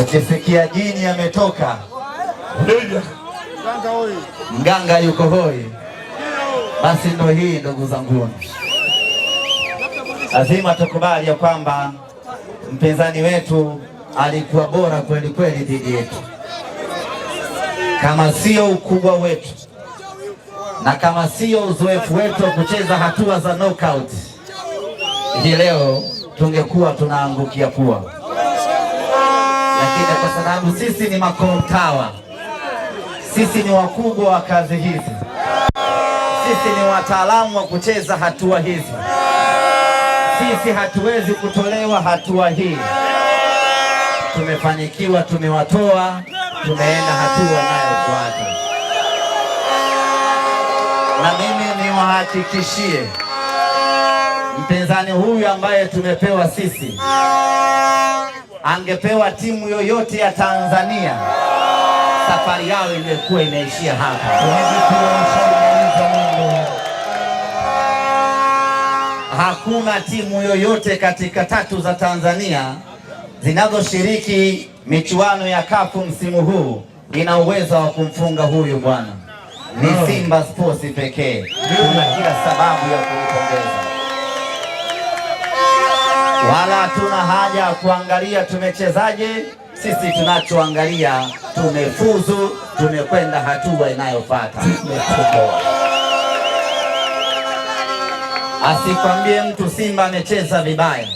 Ukisikia jini ametoka, mganga yuko hoi, basi ndo hii ndugu zanguni, lazima tukubali ya kwamba mpinzani wetu alikuwa bora kweli kweli dhidi yetu. Kama sio ukubwa wetu na kama sio uzoefu wetu wa kucheza hatua za knockout hii leo tungekuwa tunaangukia pua, lakini kwa sababu sisi ni makontawa, sisi ni wakubwa wa kazi hizi, sisi ni wataalamu wa kucheza hatua hizi, sisi hatuwezi kutolewa hatua hii. Tumefanikiwa, tumewatoa, tumeenda hatua nayofuata, na mimi niwahakikishie Mpinzani huyu ambaye tumepewa sisi, angepewa timu yoyote ya Tanzania, safari yao ingekuwa inaishia hapa. Hakuna timu yoyote katika tatu za Tanzania zinazoshiriki michuano ya kapu msimu huu ina uwezo wa kumfunga huyu bwana. Ni Simba Sports pekee. Kuna kila sababu ya kumpongeza wala hatuna haja ya kuangalia tumechezaje. Sisi tunachoangalia tumefuzu, tumekwenda hatua inayofuata. Asikwambie mtu Simba amecheza vibaya.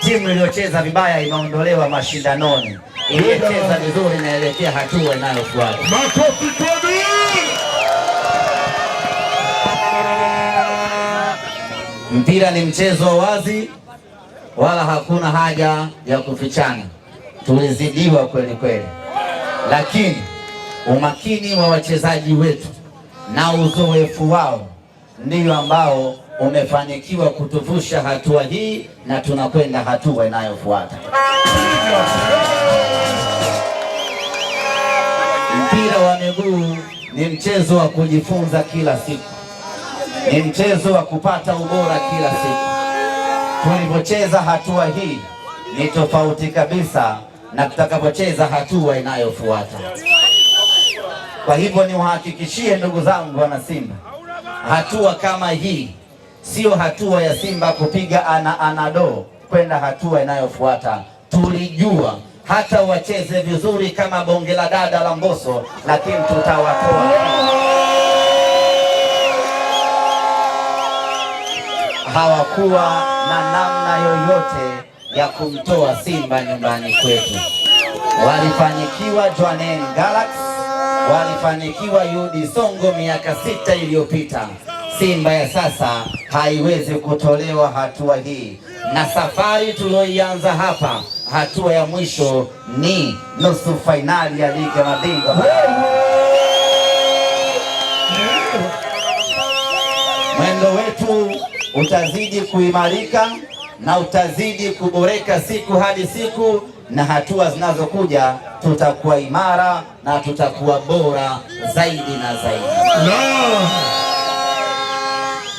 Timu iliyocheza vibaya imeondolewa mashindanoni, iliyocheza vizuri inaelekea hatua inayofuata. Mpira ni mchezo wa wazi wala hakuna haja ya kufichana. Tulizidiwa kweli kweli, lakini umakini wa wachezaji wetu na uzoefu wao ndiyo ambao umefanikiwa kutuvusha hatua hii na tunakwenda hatua inayofuata. Mpira wa miguu ni mchezo wa kujifunza kila siku, ni mchezo wa kupata ubora kila siku tulivyocheza hatua hii ni tofauti kabisa na tutakapocheza hatua inayofuata. Kwa hivyo niwahakikishie ndugu zangu wana Simba, hatua kama hii sio hatua ya Simba kupiga ana anado kwenda hatua inayofuata. Tulijua hata wacheze vizuri kama bonge la dada la mboso lakini tutawatoa hawakuwa na namna yoyote ya kumtoa Simba nyumbani kwetu. Walifanikiwa Jwaneng Galaxy, walifanikiwa Yudi Songo miaka sita iliyopita. Simba ya sasa haiwezi kutolewa hatua hii, na safari tuliyoianza hapa, hatua ya mwisho ni nusu fainali ya ligi ya mabingwa. Mwendo wetu utazidi kuimarika na utazidi kuboreka siku hadi siku, na hatua zinazokuja tutakuwa imara na tutakuwa bora zaidi na zaidi.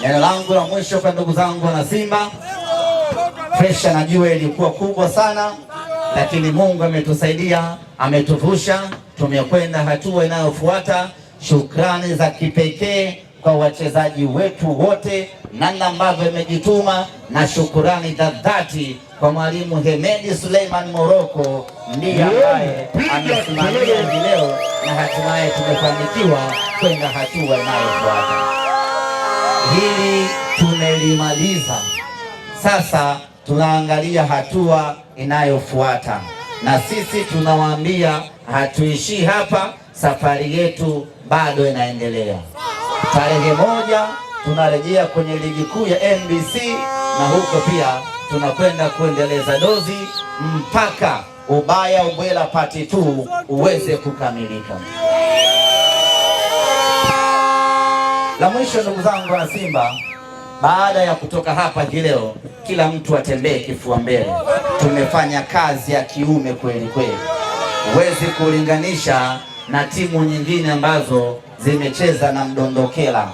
Neno langu la mwisho kwa ndugu zangu wanasimba, presha najua ilikuwa kubwa sana, lakini Mungu ametusaidia, ametuvusha, tumekwenda hatua inayofuata. Shukrani za kipekee kwa wachezaji wetu wote namna ambavyo imejituma na shukurani za dhati kwa Mwalimu Hemedi Suleiman Moroko, ndiye ambaye amesimamia hivi leo na hatimaye tumefanikiwa kwenda hatua inayofuata. Hili tumelimaliza, sasa tunaangalia hatua inayofuata, na sisi tunawaambia hatuishii hapa, safari yetu bado inaendelea. Tarehe moja tunarejea kwenye ligi kuu ya NBC na huko pia tunakwenda kuendeleza dozi mpaka ubaya ubwela pati tu uweze kukamilika. La mwisho, ndugu zangu wa Simba, baada ya kutoka hapa hii leo, kila mtu atembee kifua mbele. Tumefanya kazi ya kiume kweli kweli, huwezi kulinganisha na timu nyingine ambazo zimecheza na mdondokela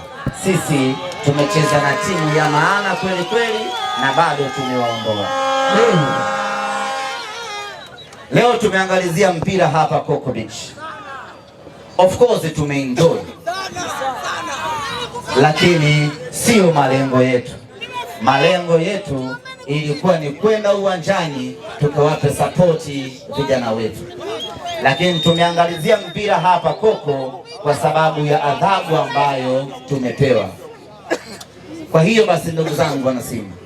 sisi tumecheza na timu ya maana kweli kweli, na bado tumewaondoa. Leo tumeangalizia mpira hapa Coco Beach, of course tumeenjoy, lakini sio malengo yetu. Malengo yetu ilikuwa ni kwenda uwanjani tukawape sapoti vijana wetu, lakini tumeangalizia mpira hapa Coco kwa sababu ya adhabu ambayo tumepewa. Kwa hiyo basi, ndugu zangu wanasimba,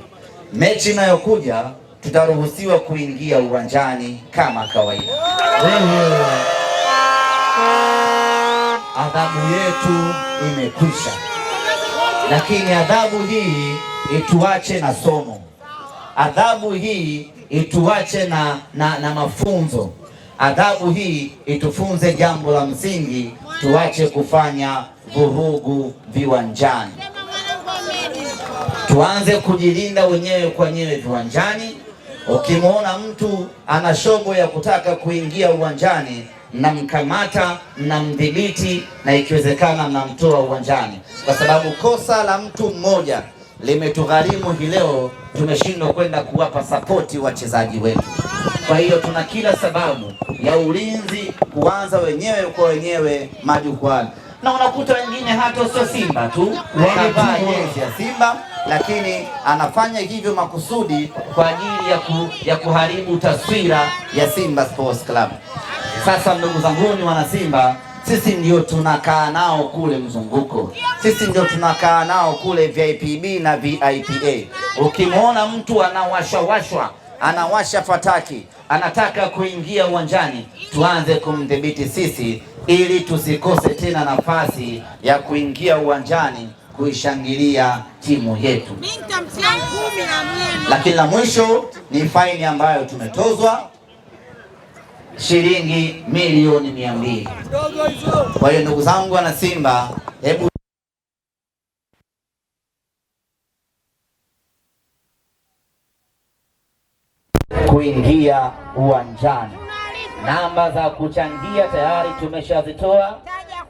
mechi inayokuja tutaruhusiwa kuingia uwanjani kama kawaida. Adhabu yetu imekwisha, lakini adhabu hii ituache na somo. Adhabu hii ituache na, na, na mafunzo. Adhabu hii itufunze jambo la msingi, tuache kufanya vurugu viwanjani, tuanze kujilinda wenyewe kwa wenyewe viwanjani. Ukimwona mtu ana shobo ya kutaka kuingia uwanjani, namkamata namdhibiti na ikiwezekana mnamtoa uwanjani, kwa sababu kosa la mtu mmoja limetugharimu hii leo, tumeshindwa kwenda kuwapa sapoti wachezaji wetu. Kwa hiyo tuna kila sababu ya ulinzi kuanza wenyewe kwa wenyewe majukwani, na unakuta wengine hata sio Simba tu wanavaa jezi ya Simba, lakini anafanya hivyo makusudi kwa ajili ya, ku, ya kuharibu taswira ya Simba Sports Club. Sasa ndugu zanguni, wana Simba, sisi ndio tunakaa nao kule mzunguko, sisi ndio tunakaa nao kule VIPB na VIPA. Ukimwona mtu anawashawashwa anawasha fataki, anataka kuingia uwanjani, tuanze kumdhibiti sisi ili tusikose tena nafasi ya kuingia uwanjani kuishangilia timu yetu. Lakini la mwisho ni faini ambayo tumetozwa shilingi milioni mia mbili. Kwa hiyo ndugu zangu wana Simba, hebu kuingia uwanjani. Namba za kuchangia tayari tumeshazitoa,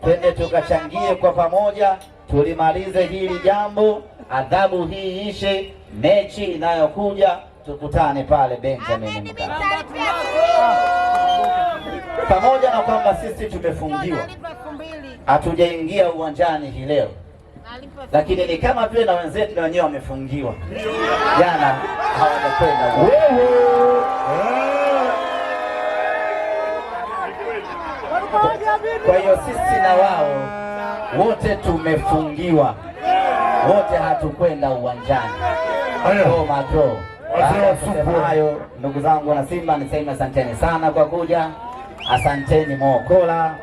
twende tukachangie kwa pamoja, tulimalize hili jambo, adhabu hii ishe. Mechi inayokuja tukutane pale Benjamin Mkapa. Pamoja na kwamba sisi tumefungiwa, hatujaingia uwanjani hii leo lakini ni kama vile na wenzetu na wenyewe wamefungiwa jana, hawajakwenda kwa hiyo sisi na wao wote tumefungiwa, wote hatukwenda uwanjani. Matro, hayo, ndugu zangu wana Simba, niseme asanteni sana kwa kuja, asanteni Mokola.